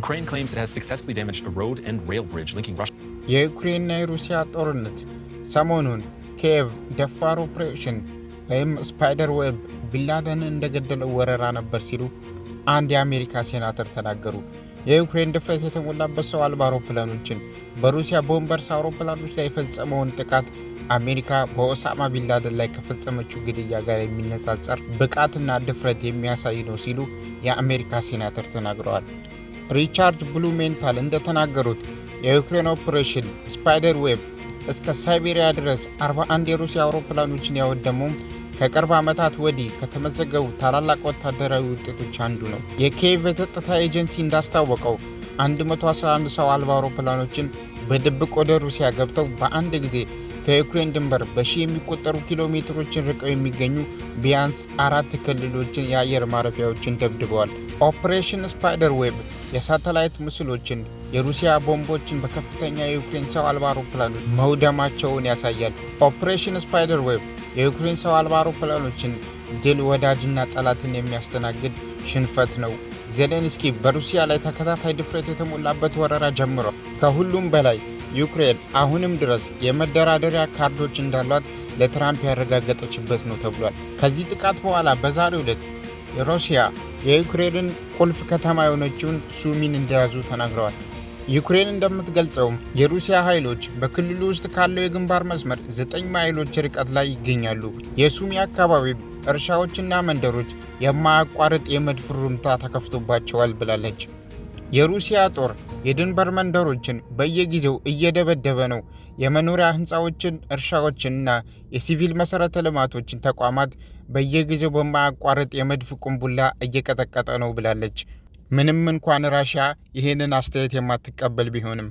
Ukraine claims it የዩክሬንና የሩሲያ ጦርነት ሰሞኑን ኪየቭ ደፋር ኦፕሬሽን ወይም ስፓይደር ዌብ ቢንላደንን እንደገደለው ወረራ ነበር ሲሉ አንድ የአሜሪካ ሴናተር ተናገሩ። የዩክሬን ድፍረት የተሞላበት ሰው አልባ አውሮፕላኖችን በሩሲያ ቦምበርስ አውሮፕላኖች ላይ የፈጸመውን ጥቃት አሜሪካ በኦሳማ ቢንላደን ላይ ከፈጸመችው ግድያ ጋር የሚነጻጸር ብቃትና ድፍረት የሚያሳይ ነው ሲሉ የአሜሪካ ሴናተር ተናግረዋል። ሪቻርድ ብሉሜንታል እንደተናገሩት የዩክሬን ኦፕሬሽን ስፓይደር ዌብ እስከ ሳይቤሪያ ድረስ 41 የሩሲያ አውሮፕላኖችን ያወደሙም ከቅርብ ዓመታት ወዲህ ከተመዘገቡ ታላላቅ ወታደራዊ ውጤቶች አንዱ ነው። የኪየቭ የጸጥታ ኤጀንሲ እንዳስታወቀው 111 ሰው አልባ አውሮፕላኖችን በድብቅ ወደ ሩሲያ ገብተው በአንድ ጊዜ ከዩክሬን ድንበር በሺህ የሚቆጠሩ ኪሎ ሜትሮችን ርቀው የሚገኙ ቢያንስ አራት ክልሎችን የአየር ማረፊያዎችን ደብድበዋል። ኦፕሬሽን ስፓይደር ዌብ የሳተላይት ምስሎችን የሩሲያ ቦምቦችን በከፍተኛ የዩክሬን ሰው አልባ አውሮፕላኖች መውደማቸውን ያሳያል። ኦፕሬሽን ስፓይደር ዌብ የዩክሬን ሰው አልባ አውሮፕላኖችን ድል ወዳጅና ጠላትን የሚያስተናግድ ሽንፈት ነው። ዜሌንስኪ በሩሲያ ላይ ተከታታይ ድፍረት የተሞላበት ወረራ ጀምሮ ከሁሉም በላይ ዩክሬን አሁንም ድረስ የመደራደሪያ ካርዶች እንዳሏት ለትራምፕ ያረጋገጠችበት ነው ተብሏል። ከዚህ ጥቃት በኋላ በዛሬው ዕለት ሩሲያ የዩክሬንን ቁልፍ ከተማ የሆነችውን ሱሚን እንደያዙ ተናግረዋል። ዩክሬን እንደምትገልጸውም የሩሲያ ኃይሎች በክልሉ ውስጥ ካለው የግንባር መስመር ዘጠኝ ማይሎች ርቀት ላይ ይገኛሉ። የሱሚ አካባቢ እርሻዎችና መንደሮች የማያቋርጥ የመድፍ ሩምታ ተከፍቶባቸዋል ብላለች። የሩሲያ ጦር የድንበር መንደሮችን በየጊዜው እየደበደበ ነው። የመኖሪያ ህንፃዎችን እርሻዎችንና የሲቪል መሠረተ ልማቶችን ተቋማት በየጊዜው በማያቋርጥ የመድፍ ቁንቡላ እየቀጠቀጠ ነው ብላለች። ምንም እንኳን ራሽያ ይህንን አስተያየት የማትቀበል ቢሆንም